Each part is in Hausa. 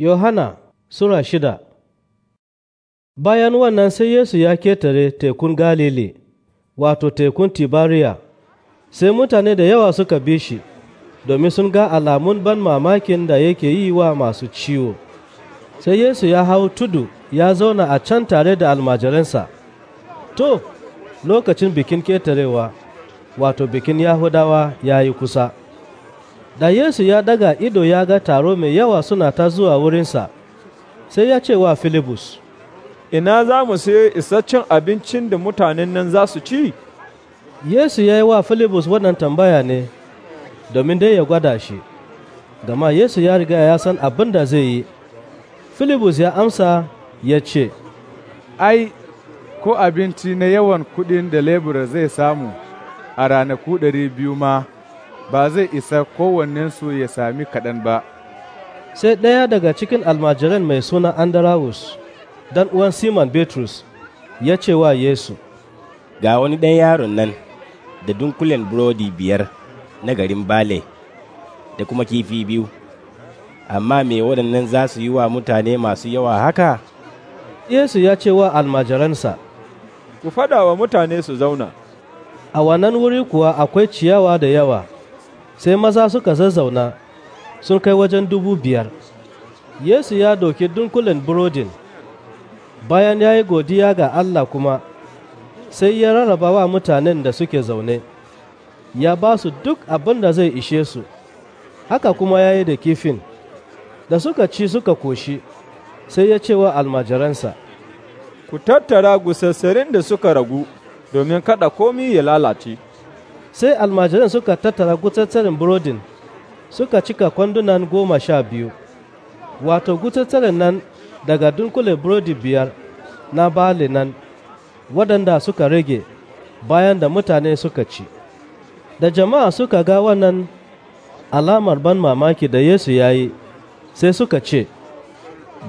Yohana Sura shida Bayan wannan sai Yesu ya ketare tekun Galili, wato tekun Tibariya, sai mutane da yawa suka bi shi, domin sun ga alamun ban mamakin da yake yi wa masu ciwo. Sai Yesu ya hau tudu ya zauna a can tare da almajiransa. To, lokacin bikin ketarewa, wato bikin Yahudawa ya yi kusa. da Yesu ya daga ido ya ga taro mai yawa suna ta zuwa wurinsa, sai ya ce wa Filibus, Ina za mu sayo isaccen abincin da mutanen nan za su ci? Yesu ya yi wa Filibus wannan tambaya ne, domin dai ya gwada shi, gama Yesu ya riga ya san abin da zai yi. Filibus ya amsa ya ce, Ai, ko abinci na yawan kuɗin da lebura zai samu a ranaku ɗari biyu ma. ba zai isa su ya sami kaɗan ba. Sai ɗaya daga cikin almajiran mai suna Andarawus, dan uwan Simon Bitrus, ya ce wa Yesu, Ga wani ɗan yaron nan da dunkulen burodi biyar na garin Bale da kuma kifi biyu, amma me waɗannan za su yi wa mutane masu yawa haka? Yesu ya ce wa almajiransa, Ku faɗa wa mutane su zauna. A wannan wuri kuwa akwai ciyawa da yawa. sai maza suka zazzauna sun kai wajen dubu biyar yesu ya doki dunkulen burodin bayan ya yi godiya ga allah kuma sai ya rarraba wa mutanen da suke zaune ya ba su duk abin da zai ishe su haka kuma ya yi da kifin da suka ci suka koshi sai ya ce wa almajiransa ku tattara gusassarin da suka ragu domin kada komi ya lalace sai almajiran suka tattara gutsattaren burodin suka cika kwandunan goma sha biyu wato gutsattaren nan daga dunkule burodi biyar na bali nan waɗanda suka rage bayan da mutane suka ci da jama'a suka ga wannan alamar ban mamaki da yesu ya yi sai suka ce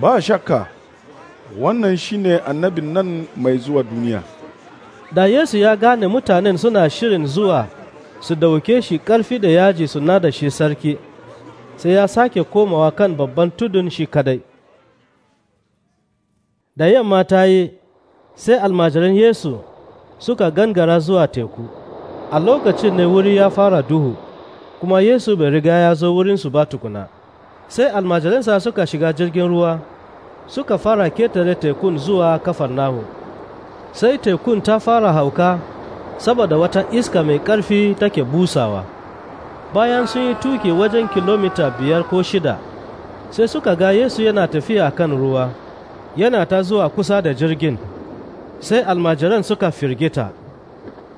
ba shakka wannan shine annabin nan mai zuwa duniya da Yesu ya gane mutanen suna shirin zuwa su dauke shi ƙarfi da yaji su da shi sarki sai ya sake komawa kan babban tudun shi kadai da yamma ta yi sai almajiran Yesu suka gangara zuwa teku a lokacin ne wuri ya fara duhu kuma Yesu bai riga ya zo wurinsu ba tukuna sai almajiransa suka shiga jirgin ruwa suka fara ketare tekun zuwa kafar nahu. sai tekun ta fara hauka saboda wata iska mai ƙarfi take busawa bayan sun yi tuki wajen kilomita biyar ko shida sai suka ga yesu yana tafiya kan ruwa yana ta zuwa kusa da jirgin sai almajiran suka firgita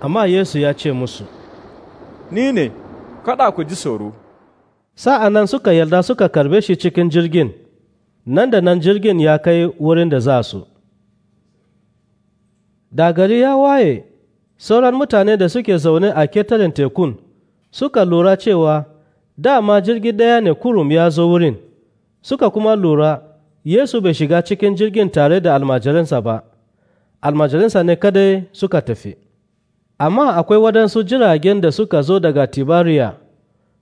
amma yesu ya ce musu ni ne kada ku ji tsoro sa'a nan suka yarda suka karbe shi cikin jirgin nan da nan jirgin ya kai wurin da za su da gari ya waye sauran mutane da suke zaune a ketaren tekun suka lura cewa dama jirgi ɗaya ne kurum ya zo wurin suka kuma lura yesu bai shiga cikin jirgin tare da almajiransa ba almajiransa ne kadai suka tafi amma akwai waɗansu jiragen da suka zo daga tibariya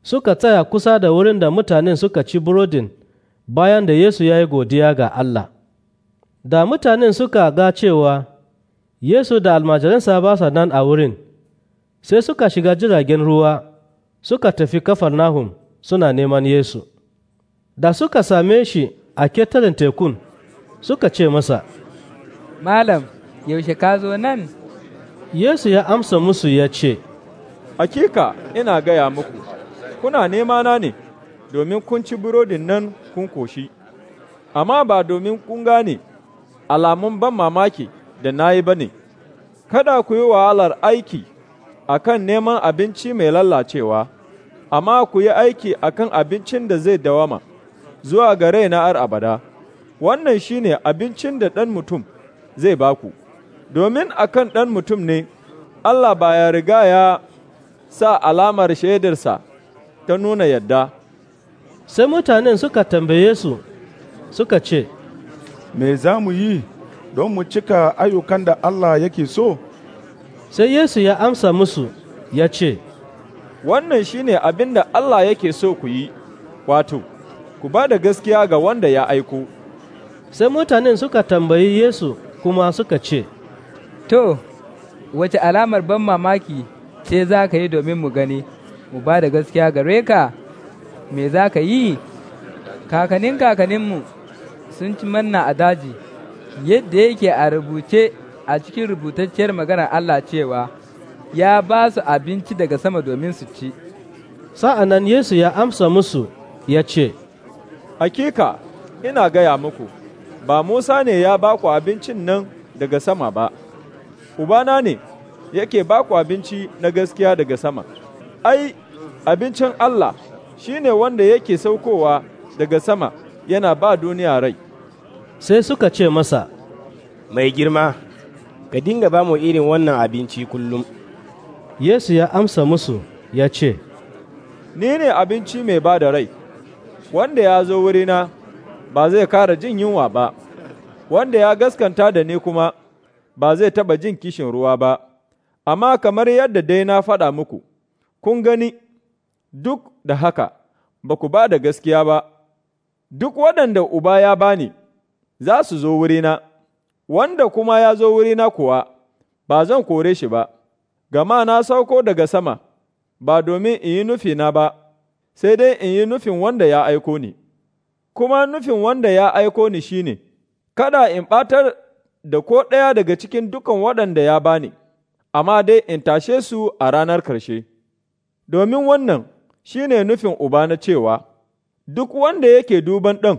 suka tsaya kusa da wurin da mutanen suka ci burodin bayan da yesu ya yi godiya ga allah da mutanen suka ga cewa Yesu da almajiransa ba sa nan a wurin, sai suka shiga jiragen ruwa suka tafi kafar Nahum suna neman Yesu. Da suka same shi a ketaren tekun suka ce masa, Malam, yaushe ka zo nan? Yesu ya amsa musu ya ce, Hakika ina gaya muku, kuna nema na ne, domin kun ci burodin nan kun koshi, amma ba domin kun gane alamun ban mamaki. da na yi ba ne, kada ku yi wahalar aiki a kan neman abinci mai lallacewa, amma ku yi aiki a kan abincin da zai dawama zuwa ga rai na ar abada, wannan shi ne abincin da ɗan mutum zai ba ku, domin a kan ɗan mutum ne Allah ba ya riga ya sa alamar shaidarsa ta nuna yadda. Sai mutanen suka tambaye su suka ce, Me za mu yi? don mu cika ayyukan da Allah yake so? Sai Yesu ya amsa musu ya ce, Wannan shi ne abin da Allah yake so ku yi, wato, ku ba da gaskiya ga wanda ya aiko. Sai mutanen suka tambayi Yesu kuma suka ce, To, wace alamar ban mamaki ce za ka yi domin mu gani, mu ba da gaskiya gare ka, me za ka yi? Kakanin kakaninmu sun ci manna a daji. yadda yake a rubuce a cikin rubutacciyar magana Allah cewa ya ba su abinci daga sama domin su ci. Sa'an nan Yesu ya amsa musu ya ce, Hakika, ina gaya muku, ba Musa ne ya ba ku abincin nan daga sama ba, Ubana ne yake ba ku abinci na gaskiya daga sama. Ai, abincin Allah shi ne wanda yake saukowa daga sama yana ba duniya rai. sai suka ce masa, Mai girma, ka dinga ba mu irin wannan abinci kullum. Yesu ya amsa musu ya ce, Ni ne abinci mai ba da rai, wanda ya zo wurina ba zai kara jin yunwa ba, wanda ya gaskanta da ni kuma ba zai taba jin kishin ruwa ba, amma kamar yadda dai na faɗa muku, kun gani duk da haka ba ku ba da gaskiya ba, duk waɗanda Uba ya bani za su zo wurina, wanda kuma ya zo wurina kuwa, ba zan kore shi ba, gama na sauko daga sama, ba domin in yi nufina ba, sai dai in yi nufin wanda ya aiko ni, kuma nufin wanda ya aiko ni shi ne, kada in ɓatar da ko ɗaya daga cikin dukan waɗanda ya bani, amma dai in tashe su a ranar karshe Domin wannan shi ne nufin Uba na cewa, duk wanda yake duban ɗan.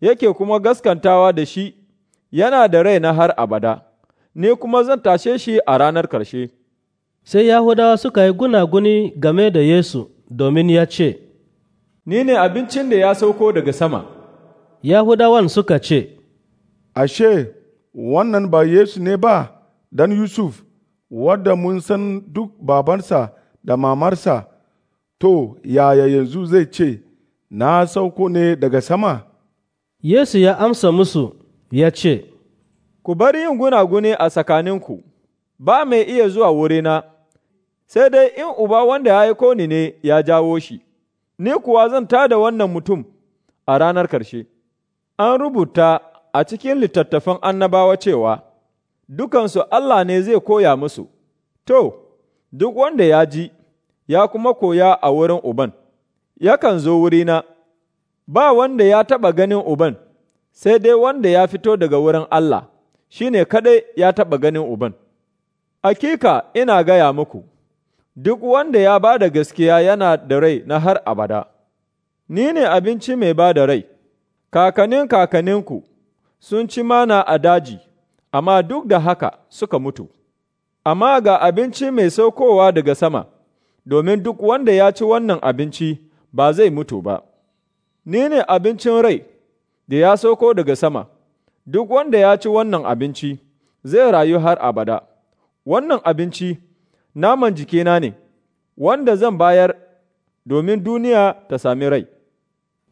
yake kuma gaskantawa da shi, yana da rai na har abada, ni kuma zan tashe shi a ranar ƙarshe. Sai Yahudawa suka yi gunaguni game da Yesu domin ya ce, Ni ne abincin da ya sauko daga sama. Yahudawan suka ce, Ashe, wannan ba Yesu ne ba, dan Yusuf, wadda mun san duk babansa da mamarsa, to, yaya yanzu zai ce, Na sauko ne daga sama?’ Yesu ya amsa musu ya ce, Ku bar yin gunaguni a tsakaninku, ba mai iya zuwa wurina, sai dai in uba wanda ya aiko ni ne ya jawo shi, ni kuwa zan ta da wannan mutum a ranar ƙarshe. An rubuta a cikin littattafan annabawa cewa, Dukansu Allah ne zai koya musu, to, duk wanda ya ji, ya kuma koya a wurin uban, yakan zo wurina. ba wanda ya taɓa ganin Uban, sai dai wanda ya fito daga wurin Allah, shi ne kaɗai ya taɓa ganin Uban. Akika ina gaya muku, duk wanda ya ba da gaskiya yana da rai na har abada, ni ne abinci mai ba da rai, kakannin kakaninku sun ci mana a daji, amma duk da haka suka mutu. Amma ga abinci mai saukowa daga sama, domin duk wanda ya ci wannan abinci ba zai mutu ba. ni ne abincin rai da ya sauko daga sama, duk wanda ya ci wannan abinci zai rayu har abada, wannan abinci naman jikina ne, wanda zan bayar domin duniya ta sami rai.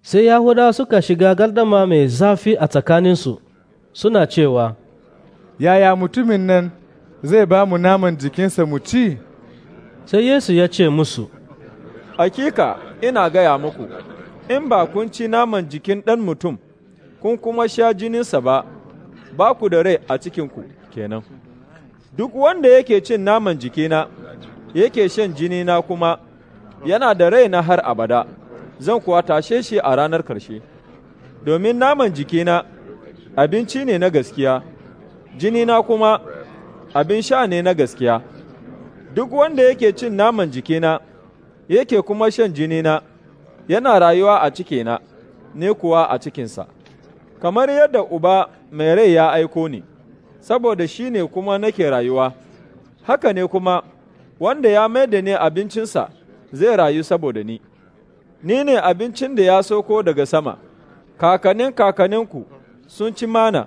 Sai Yahuda suka shiga gardama mai zafi a tsakaninsu, suna cewa, Yaya mutumin nan zai ba mu naman jikinsa mu ci? Sai Yesu ya ce musu, Hakika ina gaya muku. in ba kun ci naman jikin ɗan mutum, kun kuma sha jininsa ba, ba ku da rai a cikinku kenan. Duk wanda yake cin naman jikina, yake shan jinina kuma, yana da rai na har abada, zan kuwa tashe shi a ranar ƙarshe. Domin naman jikina abinci ne na gaskiya, jinina kuma abin sha ne na gaskiya. Duk wanda yake cin naman jikina, yake kuma shan jinina, yana rayuwa a cikina, ne kuwa a cikinsa, kamar yadda Uba mai rai ya aiko ni, saboda shi ne kuma nake rayuwa, haka ne kuma wanda ya mai da ne abincinsa zai rayu saboda ni, ni ne abincin da ya soko daga sama, kakannin kakaninku sun ci mana,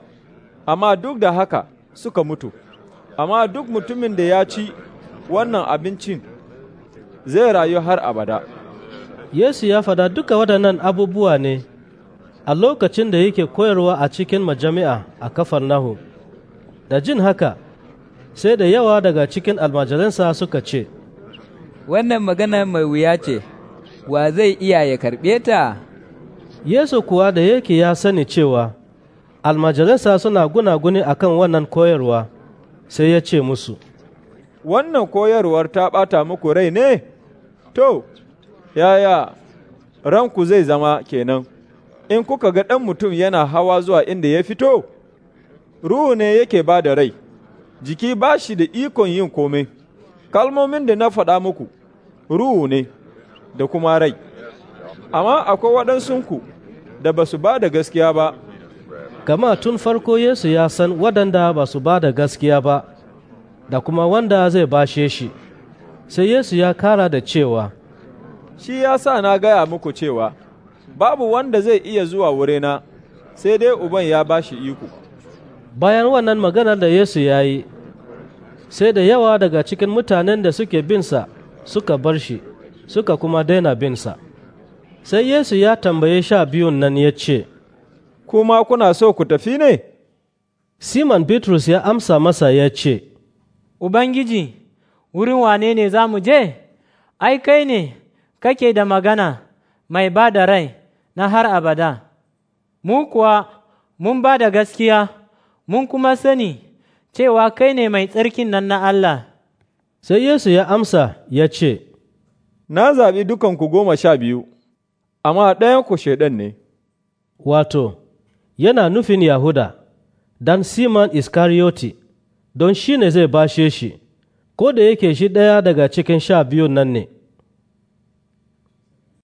amma duk da haka suka mutu, amma duk mutumin da ya ci wannan abincin zai rayu har abada. Yesu ya fada duka waɗannan abubuwa ne a lokacin da yake koyarwa a cikin majami'a a kafar nahu. Da jin haka, sai da yawa daga cikin almajiransa suka ce, Wannan magana mai wuya ce, wa zai iya ya karɓe ta? Yesu kuwa da yake ya sani cewa, almajiransa suna gunaguni a kan wannan koyarwa, sai ya ce musu, Wannan koyarwar ta ɓata muku rai ne? To, yaya ranku zai zama kenan in kuka ga ɗan mutum yana hawa zuwa inda ya fito ruhu ne yake ba da rai jiki ba shi da ikon yin komai kalmomin da na faɗa muku ruhu ne da kuma rai amma akwai waɗansunku da ba su ba da gaskiya ba gama tun farko yesu ya san waɗanda ba su ba da gaskiya ba da kuma wanda zai bashe shi sai yesu ya kara da cewa shi ya sa na gaya muku cewa, Babu wanda zai iya zuwa wurina, sai dai Uban ya ba shi iko. Bayan wannan maganar da Yesu ya yi, sai da yawa daga cikin mutanen da suke binsa suka bar shi, suka kuma daina binsa. Sai Yesu ya tambaye sha biyun nan ya ce, Kuma kuna so ku tafi ne? Simon Bitrus ya amsa masa ya ce, Ubangiji, wurin wane ne za mu je? Ai, kai ne. kake da magana mai ba da rai na har abada, mu kuwa mun ba da gaskiya, mun kuma sani cewa kai ne mai tsarkin nan na Allah. Sai Yesu ya amsa ya ce, Na zaɓi dukanku goma sha biyu, amma ku shaiɗan ne. Wato, yana nufin Yahuda, dan simon Iskariyoti, don shi ne zai bashe shi, ko da yake shi ɗaya daga cikin sha biyun nan ne.